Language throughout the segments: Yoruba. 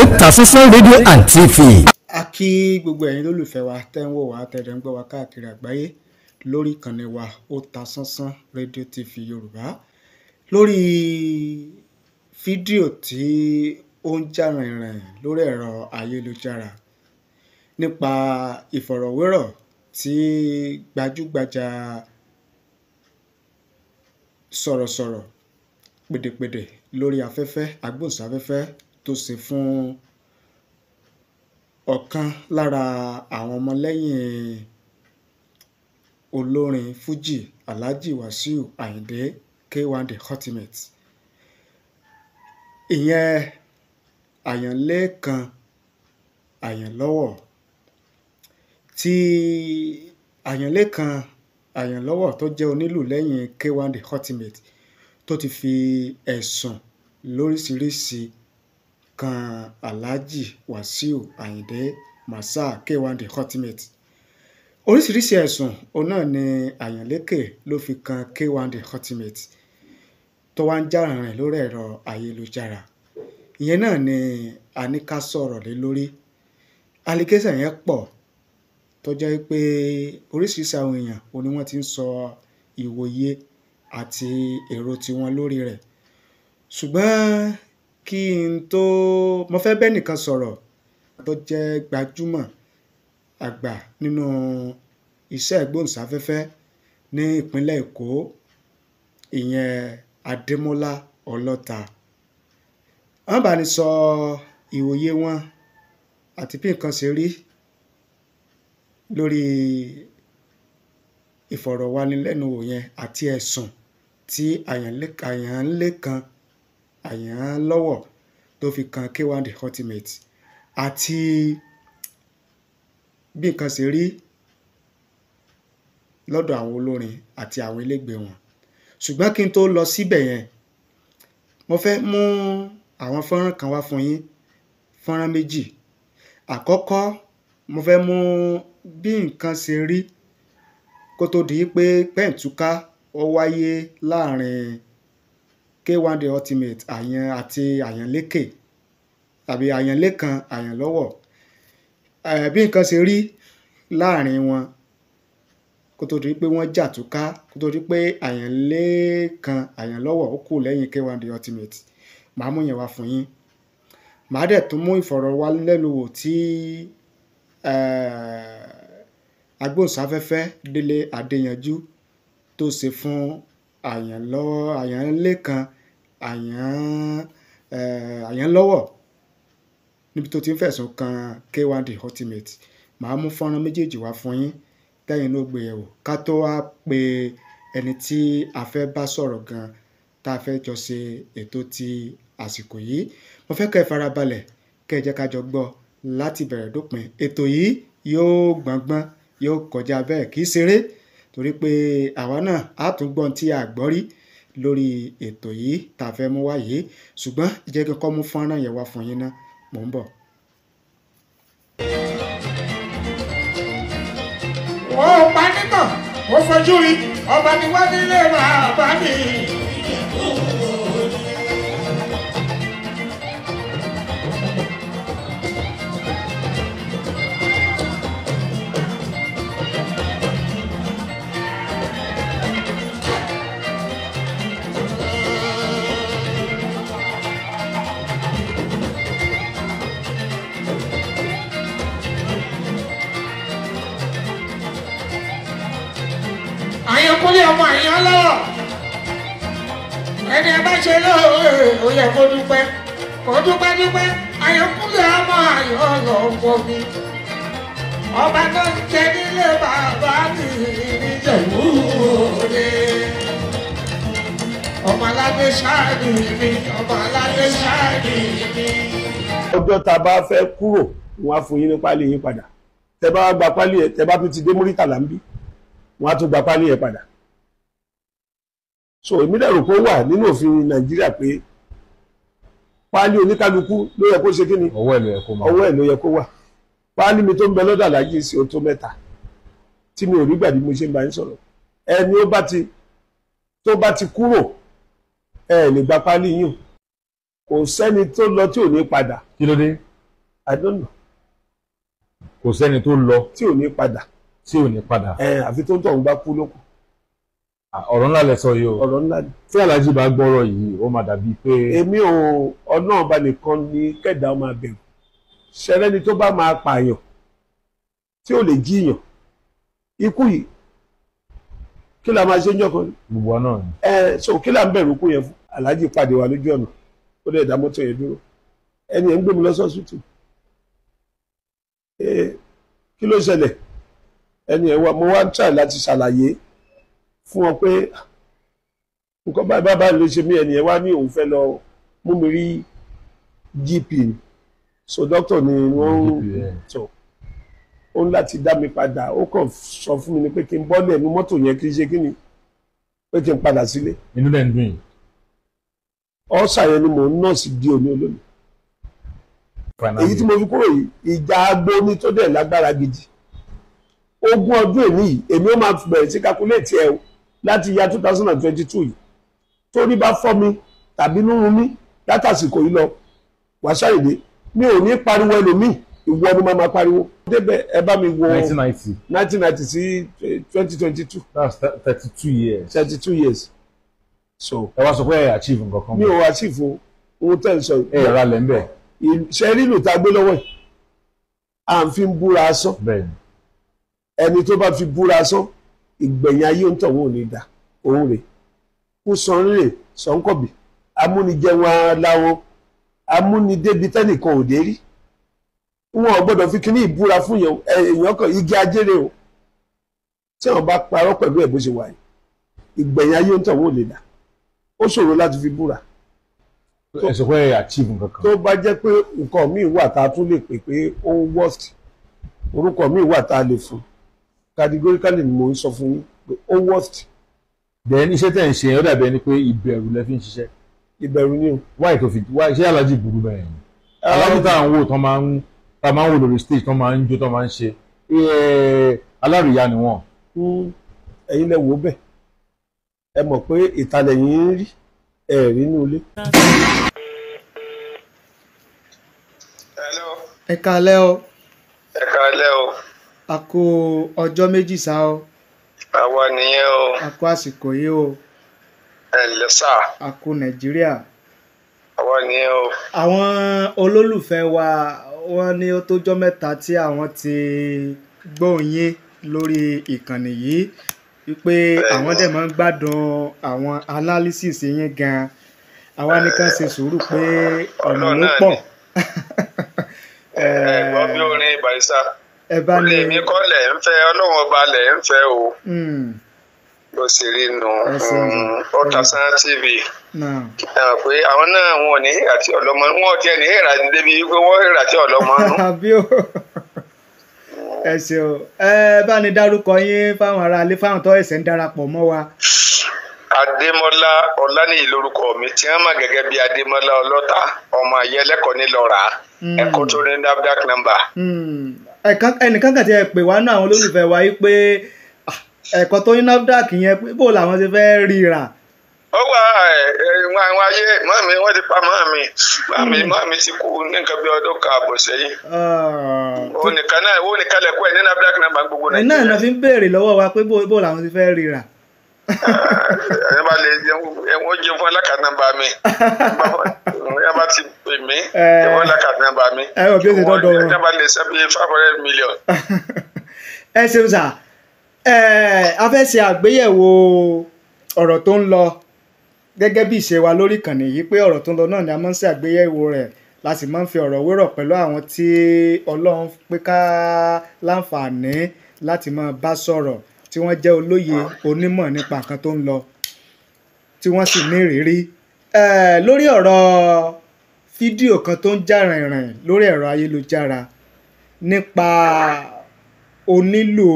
Otasansan rédíò and tv. a kí gbogbo ẹ̀yin lólùfẹ́ wa tẹ́ ń wò wá tẹ̀lé ń gbọ́ wa káàkiri àgbáyé lórí ìkànnì wa Otasansan rédíò tv yorùbá lórí fídíò tí ó ń jà rìnrìn lórí ẹ̀rọ ayélujára nípa ìfọ̀rọ̀wérọ̀ tí gbajúgbajà sọ̀rọ̀sọ̀rọ̀ pèdèpèdè lórí afẹ́fẹ́ agbóhùnsáfẹ́fẹ́ tó ṣe fún ọ̀kan lára àwọn ọmọlẹ́yìn olórin fuji alhaji wasiu ayinde k1 the ultimate ìyẹn àyànlẹ́kan àyànlọ́wọ̀ tí àyànlẹ́kan àyànlọ́wọ̀ tó jẹ́ onílù lẹ́yìn k1 the ultimate tó ti fi ẹ̀sùn lóríṣiríṣi kan aláàjì wàsíù àyìndé màsà k1d ultimate oríṣiríṣi ẹ̀sùn òun náà ni àyànlékè ló fi kan k1d ultimate tó wá ń jàràn rẹ̀ lórí ẹ̀rọ ayélujára ìyẹn náà ni a ní ká sọ̀rọ̀ lé lórí allegation yẹn pọ̀ tó pé oríṣiríṣi àwọn èèyàn òun ni wọ́n ti ń sọ ìwòye àti èrò tiwọn lórí rẹ̀ ṣùgbọ́n kí n tó mo fẹ́ bẹ́ẹ̀ nìkan sọ̀rọ̀ tó jẹ́ gbajúmọ̀ àgbà nínú iṣẹ́ ìgbóhùnsáfẹ́fẹ́ ní ìpínlẹ̀ èkó ìyẹn adémọ́lá ọlọ́ta wọ́n bá ní sọ ìwòye wọn àti bí nǹkan ṣe rí lórí ìfọ̀rọ̀wánilẹ́nuwò yẹn àti ẹ̀sùn tí àyànlé kan Àyànlọ́wọ̀ tó fi kan K1 The Ultimate àti bí nǹkan ṣe rí lọ́dọ̀ àwọn olórin àti àwọn elégbè wọn. Ṣùgbọ́n kí n tó lọ síbẹ̀ yẹn, mo fẹ́ mú àwọn fọ́nrán kan wá fún yín, fọ́nrán méjì. Àkọ́kọ́ mo fẹ́ mú bí nǹkan ṣe rí kó tó di pé pẹ̀ǹtúká ó wáyé láàrin K1 Ultimate àyàn àti àyàn lékè tàbí àyàn lékan àyàn lọ́wọ̀ bí nǹkan ṣe rí láàrin wọn kó tó di pé wọ́n jà túká kó tó di pé àyàn lékan àyàn lọ́wọ̀ ó kù lẹ́yìn K1 The Ultimate màá mú yẹn wá fún yín màá dẹ̀ tún mú ìfọ̀rọ̀wánilẹ́nuwò tí agbóhùnsáfẹ́fẹ́ Délé Adéyanjú tó ṣe fún àyàn lọ́ àyàn lékan àyàn àyàn lọ́wọ́ níbi tó ti ń fẹ̀sùn kan k1 the ultimate màá mú fọ́nrán méjèèjì wá fún yín tẹ́yìn ló gbé e yẹ̀wò ká tó wá pe ẹni tí a fẹ́ bá sọ̀rọ̀ gan tá a fẹ́ jọ ṣe ètò ti àsìkò yìí mo fẹ́ kẹ́ ẹ farabalẹ̀ kẹ́ ẹ jẹ́ ká jọ gbọ́ láti bẹ̀rẹ̀ dópin ètò yìí yóò gbọ̀ngbọ́n yóò kọjá bẹ́ẹ̀ kì í ṣeré torí pé àwa náà á tún gbọ́n tí a gbọ́ rí lórí ètò yìí tá a fẹ́ mú wá yìí ṣùgbọ́n jẹ́ kí n kọ́ mú fọ́nrán yẹn wá fún yín ná mò ń bọ̀. wọ́n ò pa nítàn ó fojú rí ọba ni wọ́n nílé bàbá mi. ọmọ èèyàn lọ́rọ̀ ẹni ẹ bá ṣe lóore ó yẹ kó dúpẹ́ kó dúpẹ́ dúpẹ́ Ayọ̀kúnlé ọmọ Ayọ̀ lọ́wọ́ mi ọba tó ń jẹ nílé bàbá mi níjẹ̀bú òde ọmọ aládé ṣáàdì mi ọmọ aládé ṣáàdì mi. ọjọ́ tá a bá fẹ́ kúrò wọn á fún yín ní pálí yín padà tẹ bá gba pálí ẹ tẹ bá tún ti dé Mórítàlá ń bí wọn á tún gba pálí ẹ padà so èmi dẹ̀rù pé ó wà nínú òfin nàìjíríà pé páálí oníkálukú ló yẹ kó ṣe kí ni ọwọ́ ẹ̀ ló yẹ kó wà páálí mi tó ń bẹ lọ́dọ̀ aláàjì sí o tó mẹ́ta tí mi ò rí gbàdí mo ṣe ń bá yín sọ̀rọ̀ ẹni ó bá ti tó bá ti kúrò ẹ lè gba páálí yín kò sẹ́ni tó lọ tí ò ní padà kí ló dé I don't know kò sẹ́ni tó lọ tí ò ní padà tí ò ní padà ẹ àfi tó ń tọ̀ ń gbá kú lóko ọ̀rọ̀ ńlá lẹ sọ yìí o ọ̀rọ̀ ńlá tí alájí bá gbọ́rọ̀ yìí ó máa dàbí pé. èmi ò ọ̀nà ọba nìkan ni kẹ̀dá ó máa bẹ̀rù ṣẹlẹ́ni tó bá máa pààyàn tí ò lè jíyàn ikú yìí kí la máa ṣe ń jọkan. gbogbo náà ni. ẹ so kí la ń bẹ̀rù kú yẹn fún alájí pàdé wa lójú ọ̀nà ó lè dá mọ́tò yẹn dúró ẹni yẹn ń gbé mi lọ sọ́sùtù kí ló ṣẹlẹ̀ ẹni yẹn wá mo wá ń tà láti ṣàlàyé fún ọ pé nǹkan báyìí bá báyìí ló ṣe mí ẹnìyẹn wá ní òun fẹ́ lọ mú mi rí GP so doctor ni wọ́n ń tọ̀ ó ń láti dá mi padà ó kàn sọ fún mi ni pé kí n bọ́lẹ̀ ní mọ́tò yẹn kí n ṣe kí ni pé kí n padà sílé. inú lẹ́ dùn yìí. ọ̀sà yẹn ni mò ń nọ́ọ̀sì di òní olónìí. èyí tí mo fi kúrò yìí ìjà agbóni tó dẹ̀ lágbára gidi ogún ọdún èmi yìí èmi ó máa bẹ̀rẹ̀ sí kakuléètì ẹ̀ o láti ya 2022 yìí tó ní bá fọ́ mi tàbí nínú mi látàsìkò yìí lọ wàṣà ìdè mi ò ní pariwo ẹlòmíì ìwọ ni màá máa pariwo. débẹ̀ ẹ bá mi wo 1990 1990 sí 2022. that's 32 years. 32 years. so. ẹ wá sọ pé ẹ achieve nǹkan kan. mi ò achieve o ohun tẹ́ ń sọ. ẹ ẹ ra lẹ́ ń bẹ̀. ṣe rí ìlú tá a gbé lọ́wọ́ yìí à ń fi búra asán. bẹ́ẹ̀ni. ẹni tó bá fi búra asán ìgbẹ̀yìn ayé ń tọ̀wọ́ òní dà òun rè kú san rè sọ́nkọ̀bì amúnijẹun aláwọ̀ amúnidébi tẹ́nìkan ò dé rí wọn ò gbọ́dọ̀ fi kíní ìbúra fún èèyàn kan igi ajére o tí wọn bá parọ́ pẹ̀lú ẹ̀ bó ṣe wà yìí ìgbẹ̀yìn ayé ń tọ̀wọ́ òní dà ó ṣòro láti fi búra ẹsẹ pé achieve nǹkankan. tó bá jẹ́ pé nǹkan míì wà tá a tún lè pè pé ó worst orúkọ míì wà tá a lè fún categorically mo ń sọ fún yín pé ó worth then iṣẹ́ tẹ̀ ń ṣe ó dàbí ẹni pé ìbẹ̀rù lẹ fi ń ṣiṣẹ́ ìbẹ̀rù ni o why tó fi why ṣé alájì burú bẹ́ẹ̀ ni ah, alájì tá à ń wò tán máa ń tá máa ń wò lórí stage tán máa ń jó tán máa ń ṣe alárìíyá ni wọ́n. Hmm, ẹ̀yin lẹ wò bẹ́ẹ̀ ẹ mọ̀ pé ìtàlẹ̀ yìí ń rí ẹ̀ rí inú ilé. ẹ kálẹ́ o. ẹ kálẹ́ o a kó ọjọ́ méjì sá o. àwa nìyẹn o. a kó àsìkò yìí o. ẹ lẹ sá. a kó nàìjíríà. àwa nìyẹn o. àwọn olólùfẹ́ wa wọ́n ní ó tójọ́ mẹ́ta tí àwọn ti gbóhùn lórí ìkànnì yìí wípé àwọn dẹ̀ máa ń gbádùn àwọn analysis yín gan àwa ní ká ṣe sùúrù pé ọ̀nà ló pọ̀. ẹ gbọ́ bí orin barisa ẹ bá ní. olè mi kọ́ lẹ̀ ń fẹ́ ọlọ́run ọba lẹ̀ ń fẹ́ o hmm. bó ṣe rí nu hmm, Ọ̀tàṣán TV pé àwọn náà wọn ò ní hìrà tí ọlọ́mọ wọn tiẹ̀ ní hìrà débi wípé wọ́n hìrà tí ọlọ́mọ nù. ẹ ṣeun ẹ bá ní dárúkọ yín fáwọn aráalé fáwọn tó ẹsẹ̀ ń darapọ̀ mọ́ wa. Adémọ́lá Ọláníyì lórúkọ mi tí wọ́n mọ̀ gẹ́gẹ́ bí Adémọ́lá Ọlọ́ta ọmọ ayẹlẹ́kọ̀ọ́ nílọ́ra hmm. ẹ̀kọ́ tó ní NAFDAC number ẹnìkan kàn ti ẹ pè wá náà àwọn olólùfẹ́ wa yìí pé ẹ̀kọ́ tó ní NAFDAC yẹn pé bó làwọn ṣe fẹ́ ríra. ó wà ẹ̀wọ̀n àwọn ayé mọ́mí wọ́n ti pa mọ́mí mọ́mí mọ́mí ti kú ní nǹkan bí ọdún kan àbọ̀ sẹ́yìn. òun nìkan náà òun nìkan lẹ̀kọ́ ẹ̀ ní NAFDAC náà máa ń gbogbo nàìjíríà. náà ló fi ń béèrè lọ́wọ́ wa pé bó làwọn ṣe fẹ́ ríra ẹ bá fún alákàtà bá mi yà bá ti pè mí eh, ìwọ là kà nàbà mi ìwọ yà bá lè sẹ́bi five hundred million. ẹ ṣeun sà eh, a fẹ́ ṣe àgbéyẹ̀wò ọ̀rọ̀ tó ń lọ gẹ́gẹ́ bí ìṣe wa lórí ìkànnì yìí pé ọ̀rọ̀ tó ń lọ náà ni a máa ń ṣe àgbéyẹ̀wò rẹ̀ la sì máa ń fi ọ̀rọ̀ wérọ̀ pẹ̀lú àwọn tí Ọlọ́run pé ká láǹfààní láti máa bá sọ̀rọ̀ tí wọ́n jẹ́ olóye onímọ̀ nípa nǹkan tó ń lọ tí wọ́n sì ní ìrírí lórí ọ̀rọ̀ fídíò kan tó ń jà rìnrìn lórí ẹ̀rọ ayélujára nípa onílù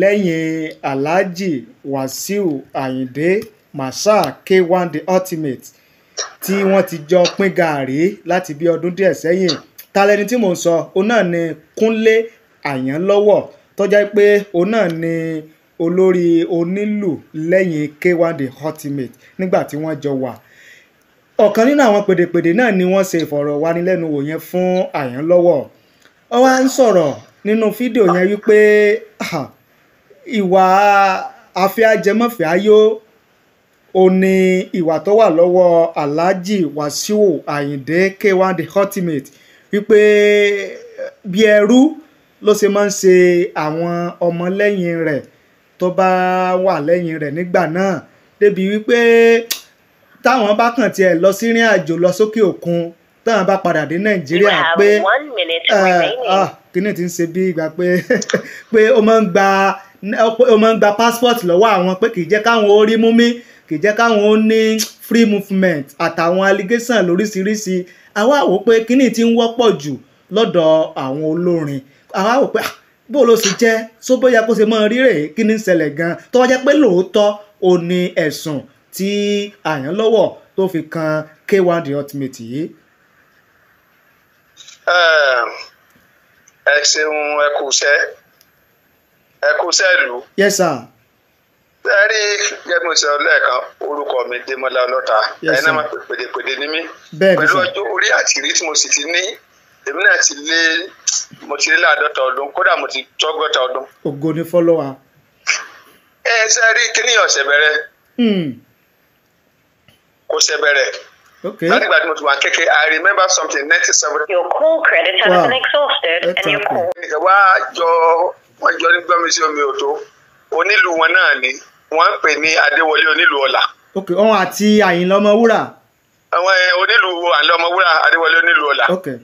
lẹ́yìn aláàjì wàsíù àyìndé màsà k1 the ultimate tí wọ́n ti jọ pín gàárì láti bí ọdún díẹ̀ sẹ́yìn ta lẹni tí mò ń sọ òun náà ni kúnlé àyànlọ́wọ́ tó pé òun náà ni. Kunle, olórí onílù lẹ́yìn k1 the ultimate nígbà tí wọ́n jọ wà ọ̀kan nínú àwọn pèdèpèdè náà ni wọ́n ṣe ìfọ̀rọ̀wánilẹ́nuwò yẹn fún Àyànlọ́wọ́ ó wá ń sọ̀rọ̀ nínú fídíò yẹn wípé ìwà àfẹ́àjẹmọ́fẹ́áyó ó ní ìwà tó wà lọ́wọ́ Alhaji Wasiu Ayinde k1 the ultimate wípé bí ẹrú ló ṣe máa ń ṣe àwọn ọmọlẹ́yìn rẹ̀ tó bá wà lẹ́yìn rẹ̀ nígbà náà débi wípé táwọn bá kàn tiẹ̀ lọ sí ìrìn àjò lọ sókè òkun táwọn bá padà dé nàìjíríà pé eh, ah, kíní ti ń ṣe bí ìgbà pé pé ó máa ń gba ó máa ń gba passport lọ́wọ́ àwọn pé kì í jẹ́ káwọn ó rí mú mi kì jẹ́ káwọn ó ní free movement àtàwọn allegation lóríṣiríṣi àwa wò pé kíní ti ń wọ́pọ̀ jù lọ́dọ̀ àwọn olórin àwa wò pé ah, bó ló sì jẹ́ só bóyá kó ṣe máa rírè kí ni ń ṣẹlẹ̀ gan tó wá jẹ́ pé lóòótọ́ ò ní ẹ̀sùn tí àyànlọ́wọ́ tó fi kan K1 The Ultimate yìí. ẹ ṣeun ẹ kú iṣẹ́ ẹ kú iṣẹ́ ìlú. yes sir. ẹ rí gẹ́gẹ́ bí lẹ́ẹ̀kan orúkọ mi Démọ́lá Ọlọ́ta ẹ̀yin náà máa pèdèpèdè ní mí pẹ̀lú ọjọ́ orí àtìrí tí mo sì ti ní èmi náà ti lé mo ti lé láàdọ́ta ọdún kódà mo ti tọ́gọ́ta ọdún. ògo ni fọlọ́wà. ẹ ẹ sẹ́ rí kíní ọ̀sẹ̀ bẹ̀rẹ̀ hmm. kò ṣe bẹ̀rẹ̀ Láti ìgbà mo ti wà kékeré, I remember something nineteen seventy. Your call credit has wow. been exhausted and your call. Ẹ̀ka wá jọ ní gbọ́mi sí omi òtó. Onílù wọn náà ni wọ́n ń pè ní Adéwọlé Onílù Ọ̀la. Ok, ọ̀hún àti Àyìnlá Ọmọwúrà. Àwọn eh, onílù Àyìnlá Ọmọwúrà Adéwọlé Onílù Ọ̀la. okay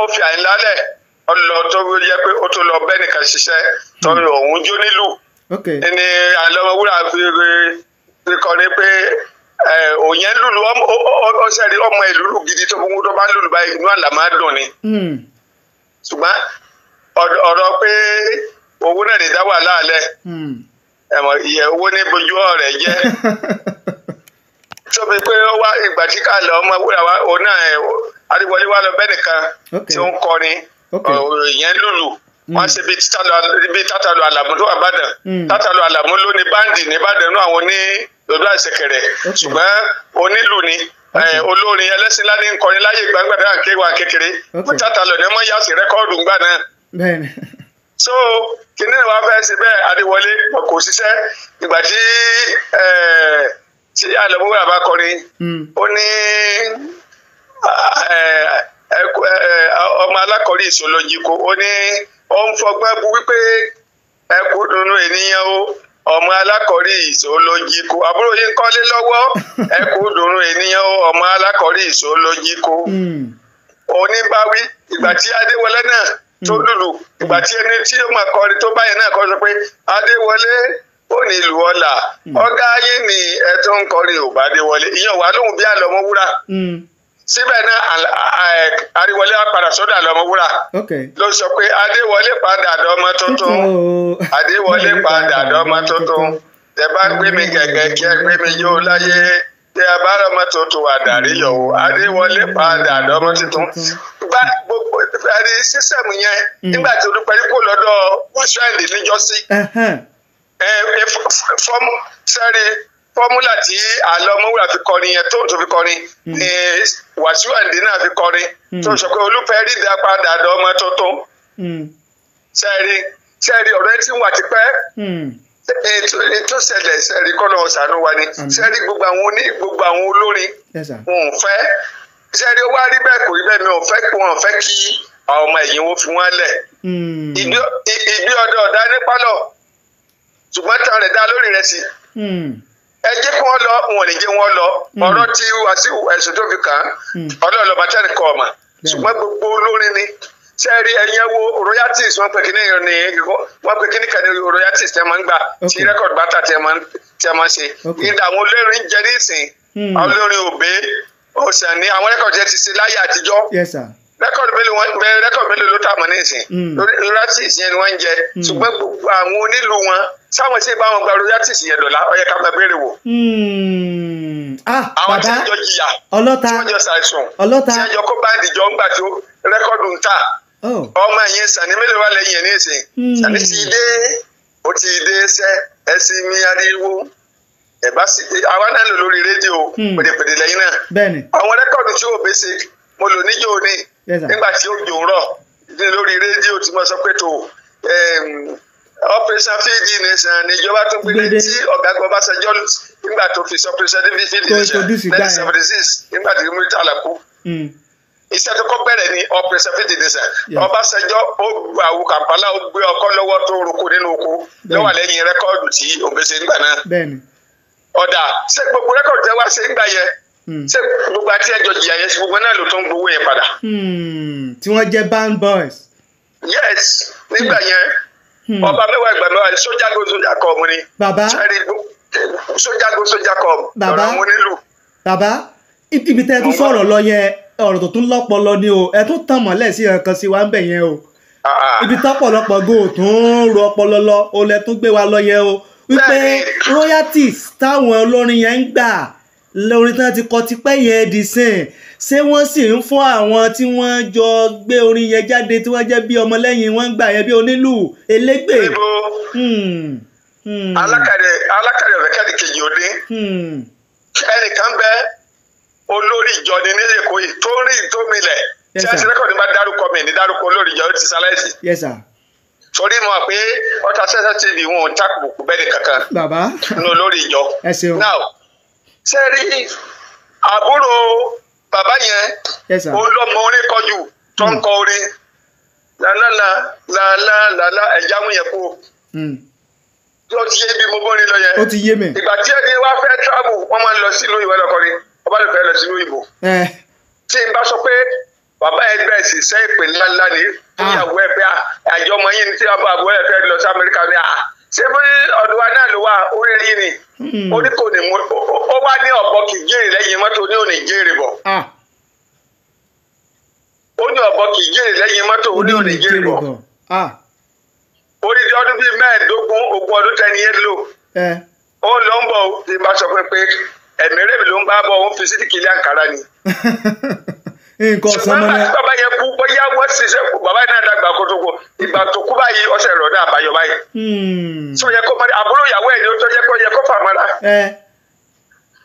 ó fi àyìnlá lẹ̀ ọlọ tó yẹ pé ó tó lọ bẹ́nìkan ṣiṣẹ́ tọ́nu òun jó nílùú ni àlọ́mọwúrà fi kọrin pé òyìn lùlù ọ̀sẹ̀rí ọmọ ìlúlù gidi tó fún tó bá ń lùlù báyìí inú àlà máa dùn ni hmm. ṣùgbọ́n ọ̀rọ̀ pé owó náà lè dá wà láàlẹ̀ ìyẹ owó ní bojú ọ̀rẹ́ jẹ́ tó fi pé ó wá ìgbà tí ká lọ ọmọ wúrà wa òun náà adéwọlé wa lọ bẹ́ẹ̀ nìkan tí ó ń kọrin ìyẹn lùlù wọ́n ṣe bíi tátàlù àlàmú ló wà bàdàn mm. tátàlù àlàmú ló ní báńdì ní bàdàn náà àwọn oní lọ́dọ̀ àṣekẹ̀rẹ̀ ṣùgbọ́n onílù ni olórin ẹlẹ́sìn láti ń kọrin láyé gbàgbà náà kéwà kékeré tátàlù ní wọ́n yá sí rẹ́kọ́ọ̀dù náà so kìnìún wa fẹ́ ṣe bẹ́ẹ̀ adéwọlé kò ṣiṣẹ́ ìgbà tí tí àlọ́mú wà bá kọrin mm. ó ní. Eh, eh, eh, ọmọ alákọ̀rí ìsolójìkó ó ní ó ń fọgbẹ́ bu wípé ẹ kú ènìyàn o ọmọ alákọ̀rí ìsolójìkó àbúrò yín kọ́lé lọ́wọ́ ẹ kú dunu ènìyàn o ọmọ alákọ̀rí ìsolójìkó hmm. oníbáwí ìgbà tí adéwọlé náà tó hmm. lùlù ìgbà tí ẹni tí ó máa kọrin tó báyìí náà kọ sọ pé adéwọlé ó ní ìlú ọlà hmm. ọgá ayé ni ẹ tó ń kọrin ò bá adéwọlé ìyẹn wà lóhùn bí àlọmọ wúrà síbẹ̀ náà àríwọlé padà sọ́dọ̀ àlọ́mọwúrà ló sọ pé adéwọlé padà dọ́mọ tuntun oh. adéwọlé padà dọ́mọ tuntun tẹ bá gbé mi gẹ̀gẹ́ kí ẹ gbé mi yó láyé tẹ abárọmọ tuntun àdàrí yòówó mm. adéwọlé padà dọ́mọ mm. tuntun gba gbogbo ẹni sísẹ̀mù yẹn mm. nígbà tí olùpẹ̀lú kò lọ́dọ̀ wọ́ṣọ́ẹ̀lì níjọ́sí uh-huh. fọ́ọ̀mù sẹ́rí fọ́múlà tí àlọ́mọwúrà fi kọrin yẹn tó fi kọrin wàsíù àǹdí náà fi kọrin hmm. tó sọ pé olùfẹ́ rí ìdá padà dọ́ ọmọ tuntun sẹ́ẹ̀rì hmm. sẹ́ẹ̀rì ọ̀rọ̀ ẹ ti wà tipẹ́ hmm. ètò ṣẹlẹ̀ sẹ́ẹ̀rì kọ́nà ọ̀sánú wa ni sẹ́ẹ̀rì gbogbo àwọn oní gbogbo àwọn olórin òun fẹ́ sẹ́ẹ̀rì ó wá rí bẹ́ẹ̀ kò rí bẹ́ẹ̀ mi ò fẹ́ kí wọ́n fẹ́ kí àwọn ọmọ ẹ̀yìn wo fi wọ́n lẹ̀ ìgbé ọ̀dọ̀ ọ̀dá nípàlọ̀ ṣùgbọ́n tán rẹ̀ dá lórí rẹ̀ sí ẹ jẹ́ kí wọ́n lọ wọn ò ní jẹ́ wọ́n lọ hmm. ọ̀rọ̀ tí wàsíù ẹ̀sùn tó fi kàn án hmm. ọlọ́ọ̀lọ́ bàtẹ́rì kọ̀ ọ̀mà ṣùgbọ́n gbogbo olórin ni sẹ́ẹ̀rí ẹ̀yẹ wo royalties wọ́n pè kíní ní wọ́n pè kíní kan ní royalties tẹ́ máa ń gbà tí record bàtà tẹ́ máa ń tẹ́ máa ń ṣe ìdá àwọn olórin jẹ́ hmm. ní ìsìn olórin òbé òsàn ni àwọn record yẹn ti ṣe láyé àtijọ́ record mélòó record mélòó ló tà mọ́ ní ìsìn royalties yẹn ni wọ́n ń jẹ ṣùgbọ́n gbogbo àwọn onílù wọn sáwọn tí ì bá wọn gba royalties yẹn dọ̀là ó yẹ ká máa béèrè wò. Hmm. Ah, àwọn tí wọ́n jọ jìyà tí wọ́n jọ ṣàìsùn tí wọ́n jọ kó báńdì jọ ń gbà tó rẹ́kọ̀dù ń tà oh. ọmọ yẹn sani mélòó wà lẹ́yìn ẹ̀ ní ìsìn hmm. sani ti dé ó ti dé sẹ́ ẹ̀sìn mi ariwo ẹ̀ bá sì dé àwa náà lò lórí rédíò hmm. pèdèpèdè lẹ́yìn náà àwọn rẹ́kọ̀dù tí ò bẹ́sẹ̀ mo lò níjó ní nígbà tí ó jò rọ̀ lórí rédíò tí mo sọ pé tó operation fíìdì nation níjọba tó gbé ní tí ọ̀gágun ọbásanjọ́ nígbà tó fi sọ operation fíìdì nation nineteen seventy six nígbà tí Murtala kú hmm. iṣẹ́ tó kọ́ bẹ̀rẹ̀ ní operation fíìdì nation ọbásanjọ́ ó gba àwọn kàmpala ó gbé ọkọ́ lọ́wọ́ tó roko nínú oko lọ́wọ́ lẹ́yìn rẹ́kọ́ọ̀dù tí ògbésè nígbà náà ọ̀dà ṣé gbogbo rẹ́kọ̀dù tẹ́ wá ṣe ń gbà yẹ hmm. ṣé gbogbo àti ẹjọ́ jìyà yẹn ṣe gbogbo náà ló tó ń gbowó yẹn padà. Hmm. tí wọ́n jẹ́ band boys. yes nígbà yẹn. Hmm. Hmm. ọba mẹ́wàá ìgbà mẹ́wàá sójà go sójà kọ ọmọ ni sójà go sójà kọ ọ̀rọ̀ ọmọ nílùú. bàbá ibi tẹ́ ẹ tún sọ̀rọ̀ lọ yẹ ọ̀rọ̀ tó tún lọ́pọlọ ni o ẹ tún tàn mọ́lẹ̀ sí ẹ̀kan sí wa ń bẹ̀ yẹn o ah, ah. ibi tọ́pọ̀lọpọ̀ go tún ro ọpọlọ lọ o lẹ tún gbé wa lọ yẹ o wípé royalties táwọn olórin yẹn ń gbà lórin tán ti kọ tipẹ́ yẹn di sìn ṣé wọ́n sì ń fún àwọn tí wọ́n jọ gbé orin yẹn jáde tí wọ́n jẹ́ bí ọmọlẹ́yìn wọ́n ń gbà yẹn bí onílù elégbè. alákàrẹ alákàrẹ ọ̀rẹ́ kẹ́ni kejì òde hmm. ẹnìkan bẹ olórí ìjọ ni nílẹ̀ kò yìí tó rí tó tí a ti rẹ́kọ̀dì bá dárúkọ mi ní dárúkọ olórí ìjọ ti sáláìsì. torí mo pé ọta sẹsẹ tv wọn ò takùkù kankan. bàbá nínú ìjọ. ẹ ṣeun. now ṣe rí àbúrò bàbá yẹn olómọ orin kọjú tó ń hmm. kọ orin lálálà lálálà ẹ̀já mú yẹn kú o hmm. ti yé bí mo bọ́ ni lọ yẹn. ó ti yé mi. ìgbà tí ẹni wá fẹ́ travel wọ́n máa ń lọ sílùú ìwé lọ́kọrin ọba lè fẹ́ lọ sílùú ìbò. Eh. tí n bá sọ pé bàbá ẹgbẹ́ ìsìsẹ́ ìpè ńláńlá ni ah. ìyàwó ẹ pé ah, àjọ ọmọ yìí ní tí wọ́n bá àbúrò ẹ fẹ́ lọ sí Amẹ́ríkà ní à ah, ṣé bí ọ̀dọ̀ wa náà ló wà oríire ni hmm. ó ní kò ní mú ó wá ní ọ̀bọ kì í jèrè lẹ́yìn mọ́tò ní òní jèrè bọ̀ ah. ó ní ọ̀bọ kì í jèrè lẹ́yìn mọ́tò ní òní jèrè bọ̀ odidi ah. ọdún bíi mẹ́ẹ̀ẹ́dógún ogún ọdún tẹ́ni yẹn lò ó lọ ń bọ̀ ti bá sọ pé pé ẹ̀mí rẹ̀ ló ń bá bọ̀ ó ń fi sídìkì ilé àǹkárá ni. ṣùgbọ́n bàbá yẹn kú bóyá wọ́n ṣiṣẹ́ bàbá yìí náà dàgbà kótókó ìgbà tó kú báyìí ọ̀sẹ̀ rọ̀dá àbáyọ báyìí. sọ hmm. yẹ kó mọ àbúrò ìyàwó ẹ̀ ni ó tọ́ yẹ kó yẹ kó fà mọ́ra.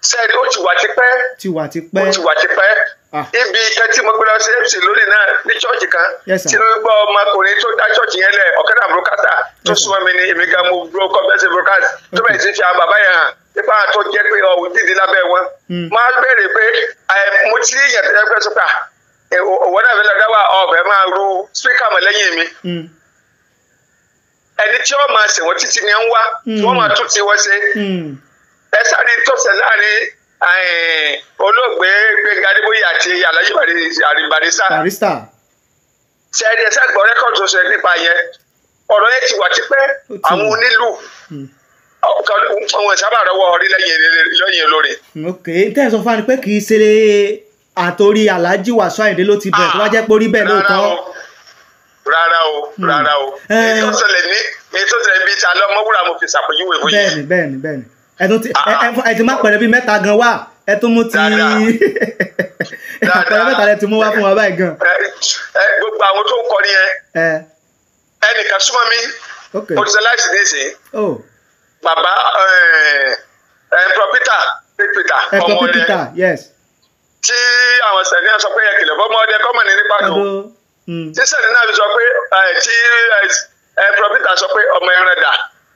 sẹ́ni ó ti wà tipẹ́. ti wà tipẹ́. ó ti wà tipẹ́. Ah. ibi ìkẹ́ tí mo gbọ́dọ̀ ṣe mc lónìí náà ní chọ́ọ̀chì kan. tí ló gbọ́ ọmọkùnrin tó dá chọ́ọ̀chì yẹn lẹ̀ ọ̀kadà brokata tó súnmọ́ mi ní èmi gan mo bro kọ́fẹ́sì brokata tó bẹ̀rẹ̀ sí fi àwọn bàbá yẹn hàn nípa àtọ́jẹ́ pé ọ̀hún dìde lábẹ́ wọn. máa hmm. bẹ̀rẹ̀ pé mo ọwọ náà fẹlẹ dá wà ọbẹ máa ru spíkà mọ lẹ́yìn mi hmm. ẹni tí wọn máa ṣèwọ títí ni ń wá tí wọn máa hmm. tún ti wọ ṣe hmm. ẹ sáré tọ̀sẹ̀ láàrin eh, olóògbé Gbẹ́ngà Adébóyè àti Alhaji Barrister ṣe ẹni ẹsẹ gbọ́ rẹkọọdù tó ṣe nípa yẹn ọ̀rọ̀ yẹn ti wà tipẹ́ àwọn onílù wọn sábà rọwọ orí lẹ́yìn lórí. ok tẹ́ ẹ sọ fún wa ni pé kì í ṣe àtòrí Alhaji Wasiu Ayinde ló ti bẹ̀rẹ̀ tó wá jẹ́ pé orí bẹ́ẹ̀ lóòótọ́. rárá o rárá o hmm. eh. èyí tó ṣẹlẹ̀ ní èyí tó ṣẹlẹ̀ bíi ti alẹ́ ọmọwúrà mo fi ṣàpèjúwe fún yìí. bẹ́ẹ̀ni bẹ́ẹ̀ni bẹ́ẹ̀ni ẹ ah, ah. ti má pẹ̀lẹ́ bíi mẹ́ta gan wá ẹ tún mú ti àpẹẹrẹ mẹ́ta rẹ ti mú wá fún wa báyìí gan. Eh, eh, gbogbo àwọn tó ń kọ ni ẹ ẹnìkan súnmọ́ mi oríṣiríṣi nísìnyí oh. bàbá ẹ ẹ pọpítà pípítà ọmọ rẹ tí àwọn sẹ̀ni sọ pé ẹ̀kìlẹ̀ fọmọ ọdẹ kọ́mọ̀ ní nípa dùn hmm. tí sẹ̀ni náà sọ pé tí prọfítà sọ pé ọmọ ẹran dà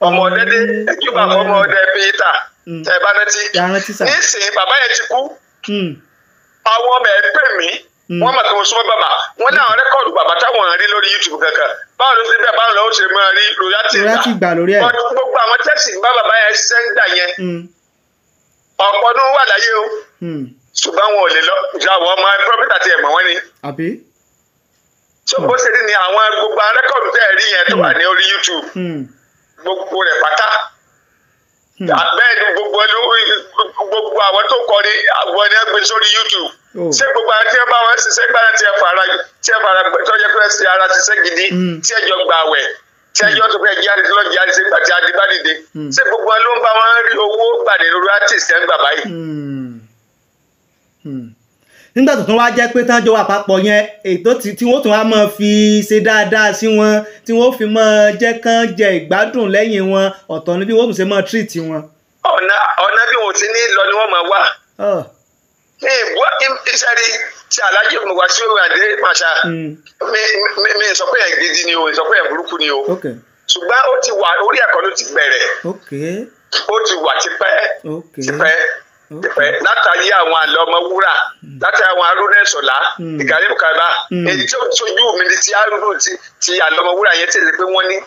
ọmọ ọdẹ dé ẹjúbà fọmọ ọdẹ péétà hmm. tẹ bá rántí nísìnyí bàbá yẹn ti kú hmm. àwọn ọmọ ẹ pè mí wọn mọ kí wọn súnmọ́ bàbá wọn ní àwọn rẹkọọdù bàbá táwọn rí lórí YouTube kankan báwo ló ṣe bẹ báwo ló ṣe máa rí royalty gbà gbogbo àwọn tẹsí bá bàbá yẹn ṣiṣẹ́ ń gbà yẹn ọ̀pọ̀ ló wà láyé o ṣùgbọ́n wọn ò lè lọ ìyàwó ọmọ prọfẹ̀tì àti ẹ̀gbọ́n wọn ni. àbí. so bó ṣe rí ni àwọn gbogbo arẹ́kọ̀dù tẹ́ ẹ̀ rí yẹn tó wà ní orí YouTube hmm. gbogbo rẹ̀ pátá hmm. bẹ́ẹ̀ ni gbogbo ẹni gbogbo àwọn tó kọ ni àwọn ẹni ẹgbẹ́ sórí YouTube oh. ṣé gbogbo àwọn tí ẹ bá wọn ṣiṣẹ́ gbára tí ẹ fara tí ẹ fara tó yẹ pé ṣe ara ṣiṣẹ́ gidi hmm. tí ẹ jọ gbà wẹ̀ tí ẹ jọ tó fẹ́ jí àdìsí lọ́jì àdìsí gbà tí adìbá dìde ṣé gbogbo ẹni ló ń bá wọn rí owó gbàdé lórí artist ẹ̀ ń gbà báyìí. Hmm. nígbà tó tún wá jẹ́ pé tánjọ́ wà papọ̀ yẹn ètò tí wọ́n tún wá máa fi ṣe dáadáa sí wọn tí wọ́n fi máa jẹ́ kán jẹ ìgbádùn lẹ́yìn wọn ọ̀tọ̀ ni bí wọ́n ṣe máa treat wọn. ọ̀nà ọ̀nà bí wọn ti ní lọ ni wọ́n máa wà. ní oh. ìwọ ìṣẹ́rí tí alájẹ hmm. mi sí òwe àdé màṣá mi sọ pé ẹ̀ gidi ni o sọ pé ẹ̀ burúkú ni o ṣùgbọ́n ó ti wà orí ẹ̀kọ́ ló ti bẹ̀rẹ̀ ó ti wà tipẹ́ tipẹ́ látàrí àwọn àlọ́ ọmọ wúrà hmm. látàrí àwọn arúnà ìṣọ̀lá hmm. ìkàrí bùkàbá hmm. èyí tó sojú mi ni ti arúnà ti àlọ́ ọmọ wúrà yẹn tẹ̀lé pé wọ́n ní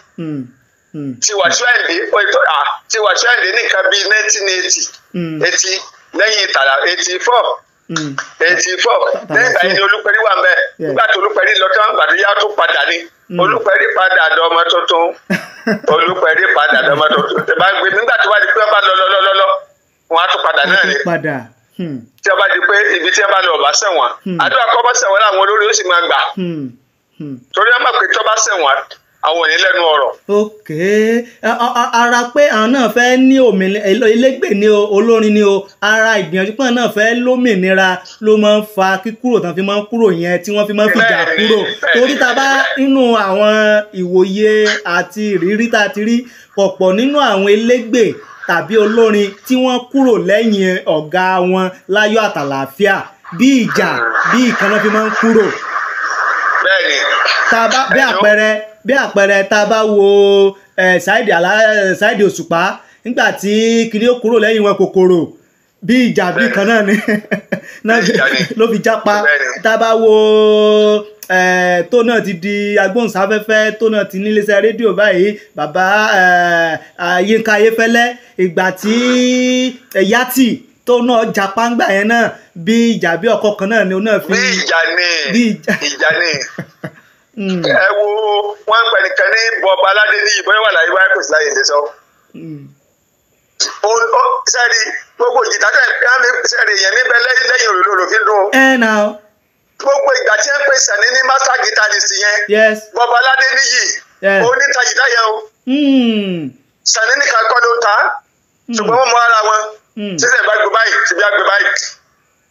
ti wà ṣẹ́ǹdé ti wà ṣẹ́ǹdé nìkan bíi nineteen eighty eighty lẹ́yìn tààrà eighty four eighty four lẹ́yìn ìgbà yìí ni Olúpẹ̀rí wà mẹ́ nígbà tó Olúpẹ̀rí lọ tán gbàdé yá tó padà ní Olúpẹ̀rí padà dọ́mọ tuntun Olúpẹ̀rí padà dọ́mọ tuntun wọn á tún padà náà ni hmm. tí a bá di pé ibi tí a bá lọ ọba ṣẹ̀wọ̀n hmm. àdúrà kọ́ bá ṣẹ̀wọ̀n láwọn olórí ó sì máa gbà hmm. torí a máa pè tọ́ bá ṣẹ̀wọ̀n àwọn yìí lẹ́nu ọ̀rọ̀. ok ara pé àwọn náà fẹ́ ní òmìnira elégbè ni o olórin ni o ara ìgbìyànjú pọ̀ náà fẹ́ lómìnira ló máa ń fa kíkúrò tán fi máa ń kúrò yẹn tí wọ́n fi máa ń fìjà kúrò torí ta bá nínú àwọn ìwòye àti ìrírí ta ti rí pọ̀pọ̀ nínú àwọn elégbè tàbí olórin tí wọ́n kúrò lẹ́yìn ọ̀gá wọn láyọ̀ àtàlàáfíà bí ìjà bí ìkànnà fi máa ń kúrò. bẹ́ẹ̀ni. tá a bá bí àpẹẹrẹ bí àpẹẹrẹ tá a bá wo ṣáìdì àlá ṣáìdì òṣùpá nígbà tí kiri ó kúrò lẹ́yìn wọn kòkòrò bí ìjà bí ìkànnà ni ló fi jápa tá a bá wo tó náà ti di agbóhùnsáfẹ́fẹ́ tó náà ti níléeṣẹ́ rédíò báyìí bàbá Yínká Ayéfẹ́lẹ́ ìgbà tí Yátì tó náà japa ńgbà yẹn náà bí ìjà bí ọkọ kan náà ni ó náà fi. bí ìjà ni ìjà ni hmm. ẹ wo wọn pẹ nìkan ní bọba aládé ní ìbọn wà láyé wáyé kò sí láyé ìdẹsọ sẹ́ẹ̀rì hmm. gbogbo ìjìdájọ́ ìpínlẹ̀ sẹ́ẹ̀rì yẹn níbẹ̀ lẹ́yìn òrùlé olùfíndùn. ẹ náà gbogbo ìgbà tí wọn pè sani ní master guitarist yẹn bọbaládé níyì onítàyídá yẹn o hmm. sani nìkan kọ́ ló ta hmm. ṣùgbọ́n wọn mọ ara wọn sísè bá gbé báyìí síbi àgbé báyìí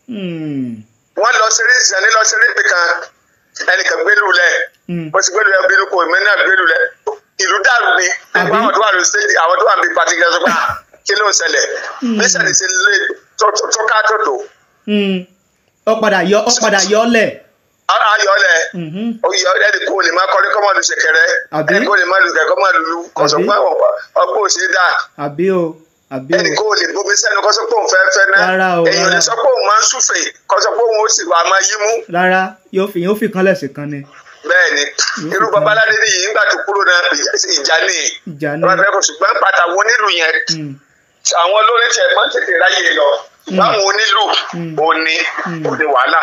hmm. wọn lọ ṣeré sani lọ ṣeré pé kan ẹnìkan gbẹlú lẹ wọn sì gbẹlú lẹ bí lóko èmi náà gbẹlú ìlú dàrú ni àwọn tó wà lórí àwọn tó wà níbi pàtí ah, kí ló ń ṣẹlẹ̀ bí sani ṣe lè tọ́ka tó tó ọ̀padà yọ ọ̀padà yọ lẹ̀. ayọ̀ lẹ̀ oyè ẹni kò lè má kọrin kọ́ máa lu ṣẹ̀kẹ̀rẹ̀ ẹni kò lè má lu kẹ̀kọ́ máa lulu kọ̀sọ̀ pé ọgbọ́n ò ṣe é dà. àbí o àbí o ẹni kò lè bomi sẹ́nu kọ́sọ́ pé òun fẹ́ fẹ́ ná èèyàn lè sọ pé òun máa ń súfè kọ́sọ́ pé òun ó sì wà máa yí mú. rárá yóò fi yóò fi kanlẹ̀ sí kan ni bẹ́ẹ̀ni irú babaládé yìí nígbà tó kúrò náà ìjà ni ìjà ni wọn fẹ́ kó ṣùgbọ́n pàtàkì wọn nílùú yẹn mm. àwọn olórin tiẹ̀ máa ń Mm. báwọn onílù òní mm. òní mm. wàhálà.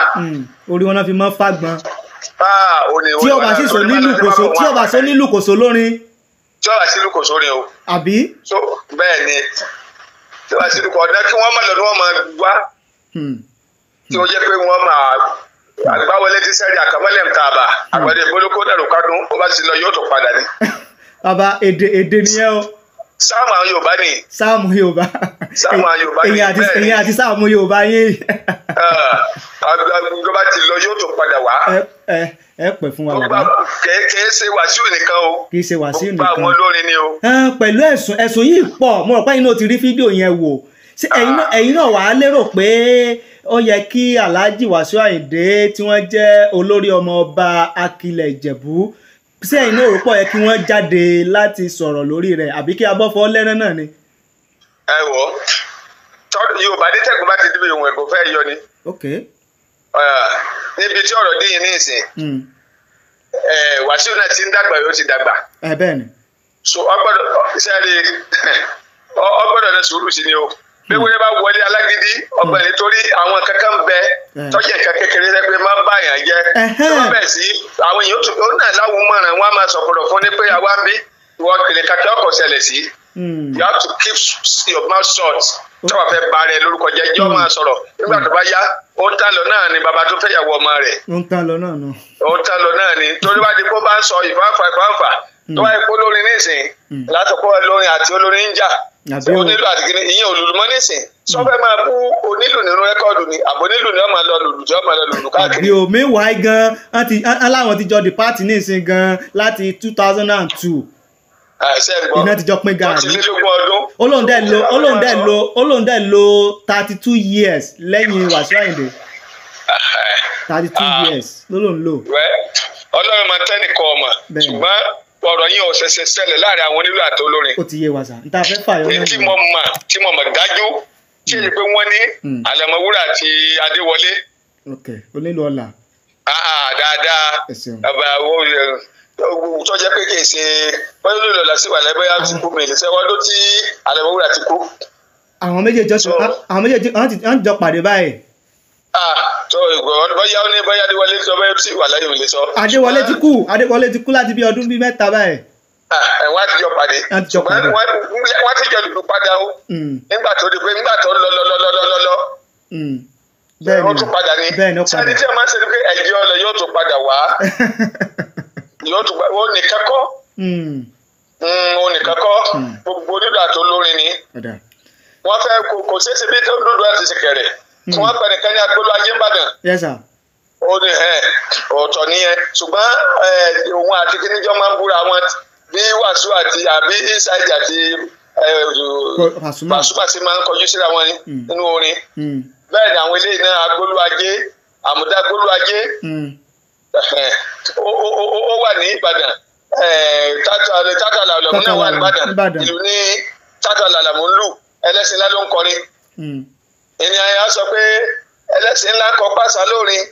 orí wọn náà fi mọ ah, fagbọn. tí ọba sì sọ nílù kòso tí ọba sọ nílù kòso lórin. tí ọba sì nílù kòso rin o. àbí. so bẹ́ẹ̀ ni tí ọba sì nílù kòso ọ̀dà kí wọ́n má lọ ni wọ́n máa wá. Hmm. tí ó jẹ́ pé wọ́n máa àgbáwọlé ti sẹ́rí àkàmọ́lẹ̀ ń taaba hmm. àgbàdo ìgbólókó dàrú kádùn ó bá ti lọ yóò tó padà ní. bàbá èdè èdè nìyẹn o sáàmù àwọn yorùbá ni. sáàmù yorùbá. sáàmù àwọn yorùbá ni bẹ́ẹ̀ ni. èyí àti sáàmù yorùbá yín. Ah, àgbàgbà ti lọ yóò tún padà wá. ẹ ẹ pẹ fún wa lànà. kì í ṣe wàsíù nìkan o. kì í ṣe wàsíù nìkan. gbogbo àwọn olórin ni o. pẹ̀lú ẹ̀sùn ẹ̀sùn yìí pọ̀ mo rò pé inú ti rí fídíò yẹn wò ṣé ah. ẹ̀yin náà wàá lérò pé ó yẹ kí Alhaji Wasiu Ayinde tí wọ́n jẹ́ olórí ọmọ ọba akilẹ̀ Ìjẹ̀bú ṣé ẹ̀yin náà rò pọ̀ yẹ kí wọ́n jáde láti sọ̀rọ̀ lórí rẹ̀ àbí kí abọ́fọ́ lẹ́rán náà ni. ẹ wọ yorùbá dé tẹkùn bá ti dìbò ìwọn ẹgbọn fẹẹ yọ ni. níbi tí ọ̀rọ̀ dín yín ní ìsìn hmm. wàsíù náà ti ń dàgbà yóò ti dàgbà. ẹ bẹ́ẹ̀ ni. so ọgbọ́dọ̀ sẹ́ẹ̀rì ọgbọ́dọ̀ náà sùúrù sí ni o bí wọ́n bá wọlé alágídí ọgbà nítorí àwọn kankan bẹ eh. tọ́jà nǹkan kékeré lẹ́gbẹ̀ẹ́ máa ń bá yàn jẹ́ tó bá bẹ̀ sí àwọn èèyàn tó ó nà láwùmọ̀ràn wọn á máa sọ̀kọ̀rọ̀ fún ní pé àwa ń bí ìwọ kìlì kakẹ́ ọkọ̀ ṣẹlẹ̀ sí hmm. you have to keep your mouth shut tó fẹ́ ba rẹ̀ lórúkọ jẹ́ jọ́ máa hmm. sọ̀rọ̀ nígbà tó bá yá ó ń tà lọ náà ni bàbá tó fẹ́ yàwó ọmọ rẹ̀ ó ń tà lọ náà ni ó ń ni torí bá di kó bá ń sọ ìfáǹfà ìfáǹfà tó bá hmm. kó lórin nísìnyí látọ̀kọ́ lórin àti olórin ń jà onílù àti gíní ìyẹn olùlùmọ́ nísìn sọ́fẹ́ máa bú onílù nínú rẹ́kọ́ọ̀dù ni àbò onílù ni wọ́n máa lọ lùlù jọ́ máa lọ lùlù káàkiri. àbí omi wáyé gan-an aláwọ̀ ti jọ the party nísìn gan-an láti two thousand and two iná ti jọ pín gaari olóhùn dẹ̀ lo olóhùn dẹ̀ lo olóhùn dẹ̀ lo thirty two years lẹ́yìn Wasiu Ayinde thirty two ah. years lólóhùn lò. ọlọ́run máa tẹ́ nìkan ọmọ ṣùgbọ́n ọ̀rọ̀ yẹn ò ṣẹ̀ṣẹ̀ ṣẹlẹ̀ láàrin àwọn onílù àti olórin. ó ti yé wa sàn níta fẹ́ fàyọ náà. tí mo mọ̀ tí mo mọ̀ dájú tí èyí pé wọ́n ní hmm. hmm. àlẹ̀mọ̀wúrà àti adéwọlé. ok onílù ọ̀la. aa ah, ah, dáadáa bàbá wo tó jẹ́ pé kì í ṣe wọ́n lò lọ́la sí wàlẹ́ bóyá ti kú mi ìlẹ̀ṣẹ̀ wọ́n ló ti àlẹ̀mọ̀wúrà ti kú. àwọn méjèèjì jọ pàdé báyìí tó ah, ìgbọ̀n bóyá ó ní bóyá adéwọlé sọ bẹ́ẹ̀ sì wà láyé òlé sọ. adéwọlé ti kú adéwọlé ti kú láti bí ọdún bíi mẹ́ta báyìí. Ah, wọ́n á ti jọ pàdé wọ́n á ti jọ dùdú padà o hmm. nígbà tó di pé nígbà tó lọ lọ lọ lọ lọ. Hmm. bẹ́ẹ̀ni ó tún padà ní sani tí a máa ń ṣe ni pé ẹ̀jẹ̀ ọlọ yóò tún padà wá yóò tún padà wọ́n nìkan kọ́ wọ́n hmm. nìkan kọ́ gbogbo onídàá tó lórin ni wọ́n fẹ́ kò ṣeé ṣe bí tó dúdú àti ṣe kẹrẹ̀ tí wọ́n pẹ̀lú kẹ́ni agbolo ayé ńbàdàn. ó ní ọ̀tọ̀ nìyẹn ṣùgbọ́n òun àti kíníjọ́ máa ń búra wọn bí wàásù àti àbí ìsáìdì àti pàṣùpà sí máa ń kọjú síra wọn hmm. nínú orin hmm. bẹ́ẹ̀ ni àwọn eléyìí náà agbolo ajé àmúdá agbolo ajé hmm. ó wà ní Ìbàdàn tátàlà ọ̀lọ́mú náà wà ní Ìbàdàn ìlú ní tátàlà ọ̀lọ́mú lù ẹlẹ́sìn lálẹ́ ń kọrin ènìyàn yà sọ pé ẹlẹ́sìn ńlá kọ pàṣà lórin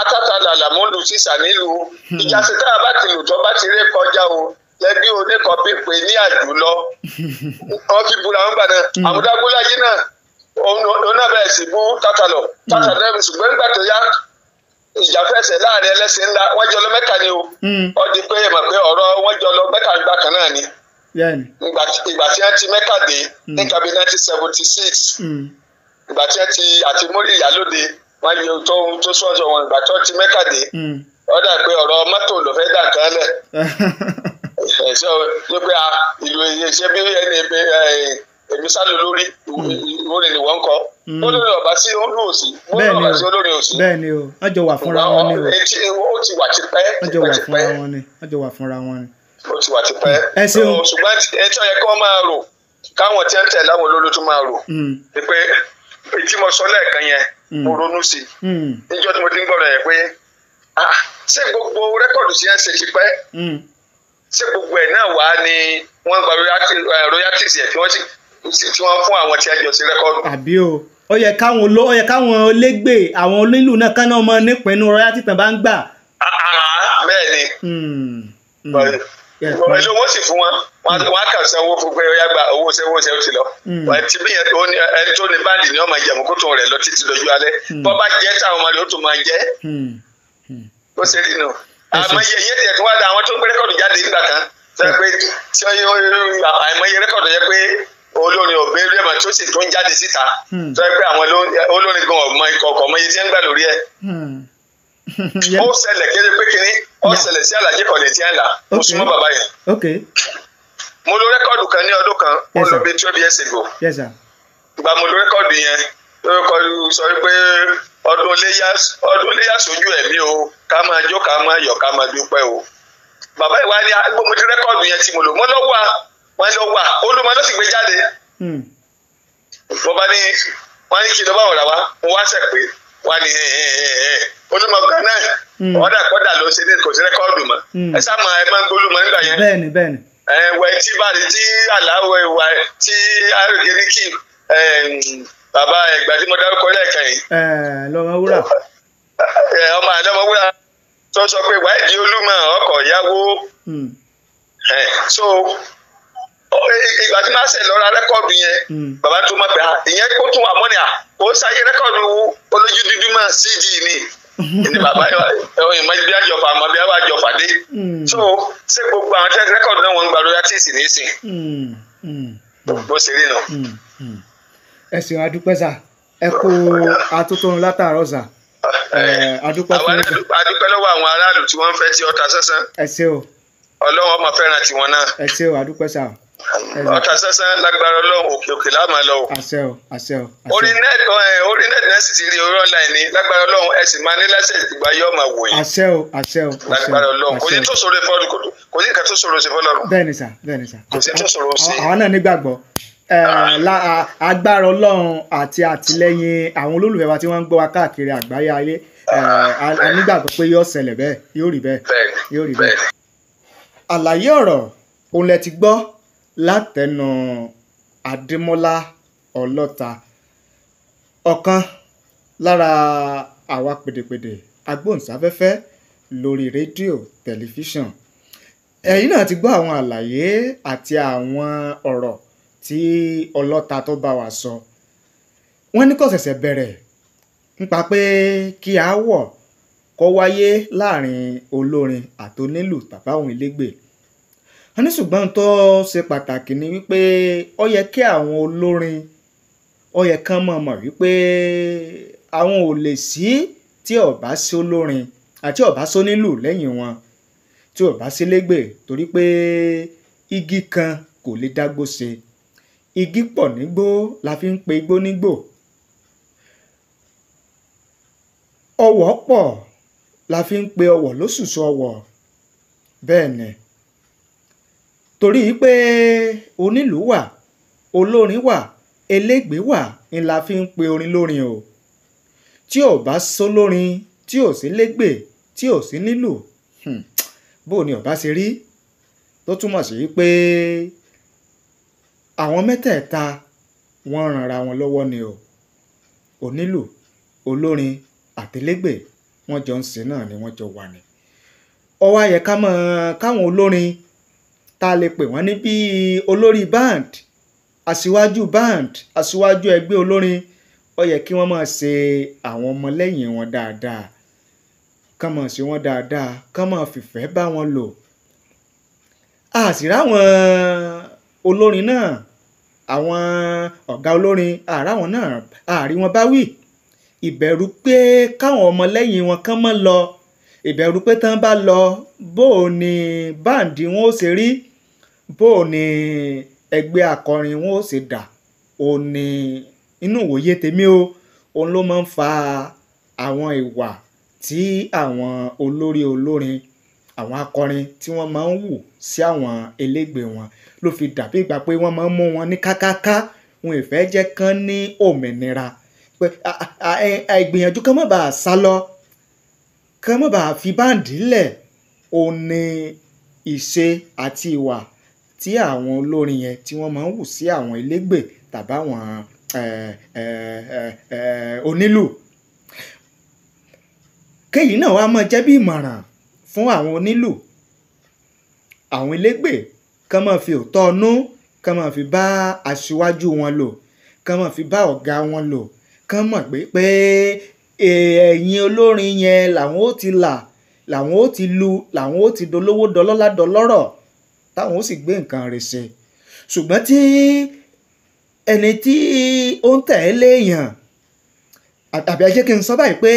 atátàlà làmúlù sísà nílùú hmm. ìjàsí tá a bá ti lù tó bá ti ré kọjá o lẹbi oníkan pípé ní àdúlọ hmm. wọn fi bu làwọn gbàdán àmúdágúnlájí náà hmm. òun náà bẹ̀rẹ̀ sí bú tátàlọ̀ tátàlọ̀ ṣùgbọ́n nígbà tó yá ìjà fẹsẹ̀ láàrin ẹlẹ́sìn ńlá wọ́n jọ lọ mẹ́ta ni o ọdí pé mọ̀ pé ọ̀rọ̀ wọ́n jọ lọ mẹ́ta gbà kan náà ni ìgbà tí wọ́n ti mẹ́ta dé ní 1976 ìgbà tí wọ́n ti àti mórí ìyálóde wọ́n yọ tó tó sọ́jọ́ wọn ìgbà tí wọ́n ti mẹ́kàdé wọ́n hmm. dà pé ọ̀rọ̀ mọ́tò ló fẹ́ dà kan lẹ̀ ẹ̀sọ́ ló pé ìlú ṣe bí ẹni èmi sálò lórí ìwúrin hmm. ni wọ́n kọ́ hmm. olórí ọba sí olú òsì olórí ọba sí olórí òsì. bẹ́ẹ̀ni o wọ́n jọ wà fúnra wọn ni o ó ti wà tipẹ́ wọ́n jọ wà fúnra wọn ni wọ́n jọ wà fúnra wọn ni. ó ti wà tipẹ́ ṣùgbọ́n ẹjọ́ yẹ kí wọ́n máa rò káwọn tí ń tẹ̀ láwọn olólùtú máa rò pé etí mo sọ lẹ́ẹ̀kan yẹn hmm. mo ronú sí i hmm. níjọ́ tí mo ti ń gbọ́dọ̀ yẹ pé ah, ṣé gbogbo rẹ́kọ̀dù sí yẹn ṣe ti pẹ́ hmm. ṣé gbogbo ẹ̀ náà wà ní wọ́n gba eh, royalties yẹn tí wọ́n tí wọ́n fún àwọn tí a jọ sí rẹ́kọ̀dù. àbí o ó yẹ káwọn oló ó yẹ káwọn olégbè àwọn onílù náà kán náà mọ nípínnu royalties tán bá ń gbà. Ah, ah, bẹ́ẹ̀ ni pẹ̀lú owó sì fún wọn wọn hmm. kà sí owó fún pé ó yá gba owó sẹ́wó sẹ́wó ti lọ hmm. ti bí ẹni tó ní báńdì ni ọmọ ìjẹ̀mú kó tó rẹ̀ lọ títí lójú alẹ́ hmm. bọ́ bá jẹ́ táwọn ọmọ rẹ̀ ó tún máa jẹ́ ó ṣe rí nù àmọye yé tiẹ̀ tó wá da àwọn tó ń gbé rẹ́kọ̀dù jáde nígbà kan sọ pé tí ó yẹ pé olórin òbí rẹ̀ mà tó sì tún jáde síta sọ pé àwọn olórin gan ọ̀gbọ́n ikọ̀ ọ̀kọ̀ ọmọ ó ṣẹlẹ̀ kéde pé kínní ó ṣẹlẹ̀ sí Alhaji Onitiala mo súnmọ́ bàbá yẹn mo lo rẹ́kọ̀dù kan ní ọdún kan ó lọ bí twelve years ago gba mo lo rẹ́kọ̀dù yẹn rẹ́kọ̀dù sọ pé ọdún léyà ọdún léyà sójú ẹ̀mí o ká máa jó ká máa yọ̀ ká máa dúpẹ́ o bàbá ìwà ni mo ti rẹ́kọ̀dù yẹn tí mo lò mo lọ wà wọn lọ wà olúmọ ló sì gbé jáde hmm. bọba ni wọn ní kí ló bá wọ̀rà wá mo wá sẹ̀ pé wá ní ẹ̀ẹ́ ẹ̀ẹ́ ẹ̀ẹ́ onímọ̀ kan hmm. náà ọ̀dà kọ́dà ló ṣe ní kò sí rẹ́kọ́ọ̀dù mọ́ hmm. ẹ sáà mọ ẹ máa ń gbólú mọ́ nígbà yẹn. bẹ́ẹ̀ni bẹ́ẹ̀ni. ẹ wẹ tí bàrí tí aláwọ ìwà tí arúgbó ní kí bàbá ìgbà tí mo dárúkọ lẹ́ẹ̀kan yìí. lọ́mọ wúrà. ọmọ àdọ́mọ wúrà tó sọ pé wáìdì olúmọ ọkọ̀ yáwó. Hmm. so ìgbà tí máa ṣe lọ́ra rẹ́kọ́ọ̀dù yẹn bàbá tó mọ̀ pé ìyẹn kó tún wà mọ́ni à kó sáyé rẹ́kọ́ọ̀dù olójú dúdú mọ́ cd ni ní bàbá ẹ̀wọ̀n ìmọ̀ bí àjọfà àmọ́ bí àjọfà dé hmm. so ṣé gbogbo àwọn tẹ́ rẹ́kọ̀dù náà wọ́n ń gba royalties nísìn hmm, hmm, bó ṣe rí nù. ẹ ṣeun adúpẹ́ sà ẹ kó atótónu látàárọ̀ sà eh, eh, adúpẹ́ fún mi. adúpẹ́ lọ́wọ́ àwọn aráàlú tí wọ́n ń fẹ́ ti ọta sánsan. o. ọlọ́wọ́ ọmọ fẹ́ràn tiwọn náà. ẹ ṣé o adúpẹ́ ọ̀tàsánsá lágbára ọlọ́run òkè òkè láàmà lọ. àṣẹ o àṣẹ o. orí net eh, orí net náà sì ti rí orí online ní lágbára ọlọ́run ẹ sì máa ní láṣẹ ìgbà yóò máa wò yín. àṣẹ o àṣẹ o. lágbára ọlọ́run kò sí tó ṣòro fọlọ kò sí nǹkan tó ṣòro sí fọlọ. bẹ́ẹ̀ni sà bẹ́ẹ̀ni sà. kò sí tó ṣòro sí. àwọn náà nígbàgbọ́ eh, ah. agbára ọlọ́run àti àtìlẹ́yìn àwọn olólùfẹ́ wa tí wọ́n ń gbọ́ wa káàkiri àgbáyé ayé eh, a nígbàgbọ́ pé yóò ṣẹlẹ̀ bẹ́ẹ̀ yóò rí bẹ́ẹ̀ yóò rí bẹ́ẹ̀. àlàyé ọ̀rọ̀ òun lẹ látẹnu adémọ́lá ọlọ́ta ọ̀kan lára àwa pèdèpèdè agbóhùnsáfẹ́fẹ́ lórí rédíò tẹlifíṣàn ẹ̀yin náà ti gbọ́ àwọn àlàyé àti àwọn ọ̀rọ̀ tí ọlọ́ta tó bá wa sọ wọ́n ní kò ṣẹ̀ṣẹ̀ bẹ̀rẹ̀ nípa pé kí aáwọ̀ kó wáyé láàrin olórin àtonílù tàbáwọn ilégbèé a ní ṣùgbọ́n tó ṣe pàtàkì ni wípé ó yẹ kí àwọn olórin ó yẹ kán mọ̀ mọ̀ wípé àwọn ò lè sí tí ó bá sí olórin àti ó bá sónílù lẹ́yìn wọn tí ó bá sí lẹ́gbẹ̀ torí pé igi kan kò lè dágbó ṣe igi pọ̀ nígbó la fi ń pe igbó nígbò ọwọ̀ pọ̀ la fi ń pe ọwọ̀ lóṣùṣù ọwọ̀ bẹ́ẹ̀ ni torí pé onílù wà olórin wà elégbé wà ni la fi ń pe orin lórin o tí ò bá sólórin tí ò sí légbè tí ò sí nílù hmm, bó ni ọba ṣe rí tó túmọ̀ sí pé àwọn mẹ́tẹ̀ẹ̀ta wọ́n ranra wọn lọ́wọ́ ni o onílù olórin àtẹlẹgbẹ wọ́n jọ ń sìn náà ni wọ́n jọ wà ní. ó wá mọ̀ káwọn olórin tá a lè pè wọ́n ní bíi olórí band aṣíwájú band aṣíwájú ẹgbẹ́ olórin ó yẹ kí wọ́n máa ṣe àwọn ọmọlẹ́yìn wọn dáadáa kán máa ṣe wọ́n dáadáa kán máa fìfẹ́ bá wọn lò àṣìrá àwọn olórin náà àwọn ọ̀gá olórin àrà wọn náà àrí wọn bá wí ìbẹ̀rù pé káwọn ọmọlẹ́yìn wọn kán mọ́ lọ ìbẹ̀rù pé tán bá lọ bó ní báǹdì wọn ó ṣe rí bó o ní ẹgbẹ́ akọrin wọn ò ṣe dà ó ní inú ìwòye tèmi o òun ló máa ń fa àwọn ìwà tí àwọn olórí olórin àwọn akọrin tí wọ́n máa ń wù sí àwọn elégbè wọn ló fi dàbí ìgbà pé wọ́n máa ń mú wọn ní kákáká wọn ì fẹ́ jẹ́ kán ní òmìnira pé ìgbìyànjú kán má bàa sá lọ kán má bàa fi báǹdì lẹ̀ òun ni ìṣe àti ìwà tí àwọn olórin yẹn tí wọ́n máa ń wù sí àwọn elégbè tàbáwọn onílù. Kéyìí náà wá máa jẹ́ bí ìmọ̀ràn fún àwọn onílù. Àwọn elégbè kán máa fi òótọ́ inú kán máa fi bá aṣíwájú wọn lò, kán máa fi bá ọ̀gá wọn lò, kán mọ̀ pé pé ẹ̀yìn olórin yẹn làwọn ó ti là, làwọn ó ti lu, làwọn ó ti dolówó dọlọ́lá dọlọ́rọ̀ táwọn ó sì gbé nǹkan rẹ̀ ṣe ṣùgbọ́n tí ẹni tí ó ń tẹ̀lé èèyàn àbí ajé kí n sọ báyìí pé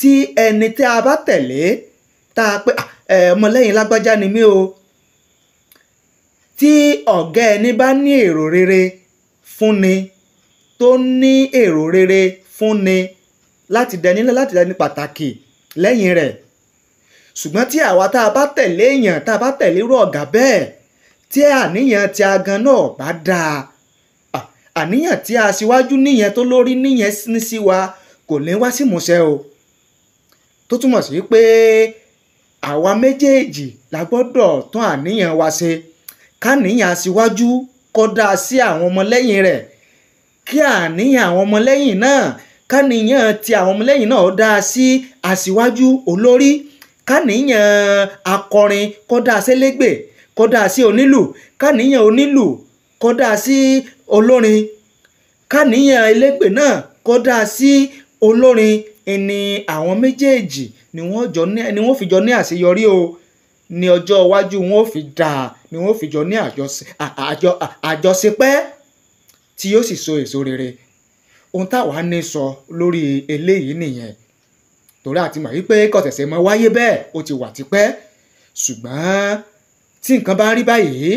tí ẹni tí a bá tẹ̀lé tá a pé ọmọlẹ́yìn lágbájá ni mí o tí ọ̀gá ẹni bá ní èrò rere fúnni tó ní èrò rere fúnni láti dẹni láti dẹni pàtàkì lẹ́yìn rẹ̀ ṣùgbọ́n tí àwa tá a bá tẹ̀lé èèyàn tá a bá tẹ̀lé irú ọ̀gá bẹ́ẹ̀ tí àníyàn tí a gan náà bá dáa àníyàn tí a síwájú níyẹn tó lórí níyẹn ní sí wa kò ní wá sí ìmúṣẹ o tó túmọ̀ sí pé àwa méjèèjì la gbọ́dọ̀ tún àníyàn wa ṣe káníyàn aṣíwájú kódà sí àwọn ọmọlẹ́yìn rẹ̀ kí àníyàn àwọn ọmọlẹ́yìn náà káníyàn ti àwọn ọmọlẹ́yìn náà dá sí aṣíwájú olórí káníyàn akọrin kódà sẹ́lẹ́gbẹ̀ẹ́ kó dáa sí onílù káníyàn onílù kó dáa sí olórin káníyàn elégbè náà kó dáa sí olórin ni àwọn méjèèjì ni wọ́n fi jọ ní àṣeyọrí o ní ọjọ́ iwájú wọn ò fi dáa ni wọ́n fi jọ ní àjọṣepẹ́ tí yóò sì so èso rere ohun táwa ní sọ lórí eléyìí nìyẹn torí àti mọ̀ wípé kọ̀tẹ̀sẹ̀ mọ́ wáyé bẹ́ẹ̀ ó ti wà tipẹ́ ṣùgbọ́n tí nǹkan bá rí báyìí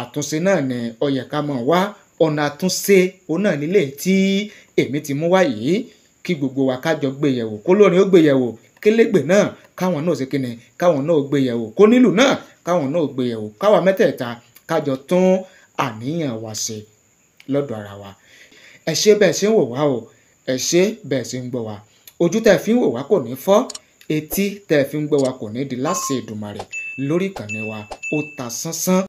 àtúnṣe náà ni ó yẹ ká máa wá ọ̀nà àtúnṣe òun náà nílé tí èmi ti mú wá yìí kí gbogbo wa ká jọ gbé e yẹ̀wò kó lórin ó gbé e yẹ̀wò kélégbè náà káwọn náà ṣe kí ni káwọn náà gbé e yẹ̀wò kó nílù náà káwọn náà gbé yẹ̀wò mẹ́tẹ̀ẹ̀ta kájọ tún àníyàn wa ṣe lọ́dọ̀ ara wa ẹ ṣé bẹ́ẹ̀ ṣe ń wò wá o ẹ ṣé bẹ́ẹ̀ ṣe ń gbọ́ wa ojú tẹ̀ fi ń wò wá kò ní fọ́ etí tẹ̀ fi ń gbọ́ wa kò ní di láṣẹ Èdùmàrè lórí ìkànnì wa ó ta sánsán.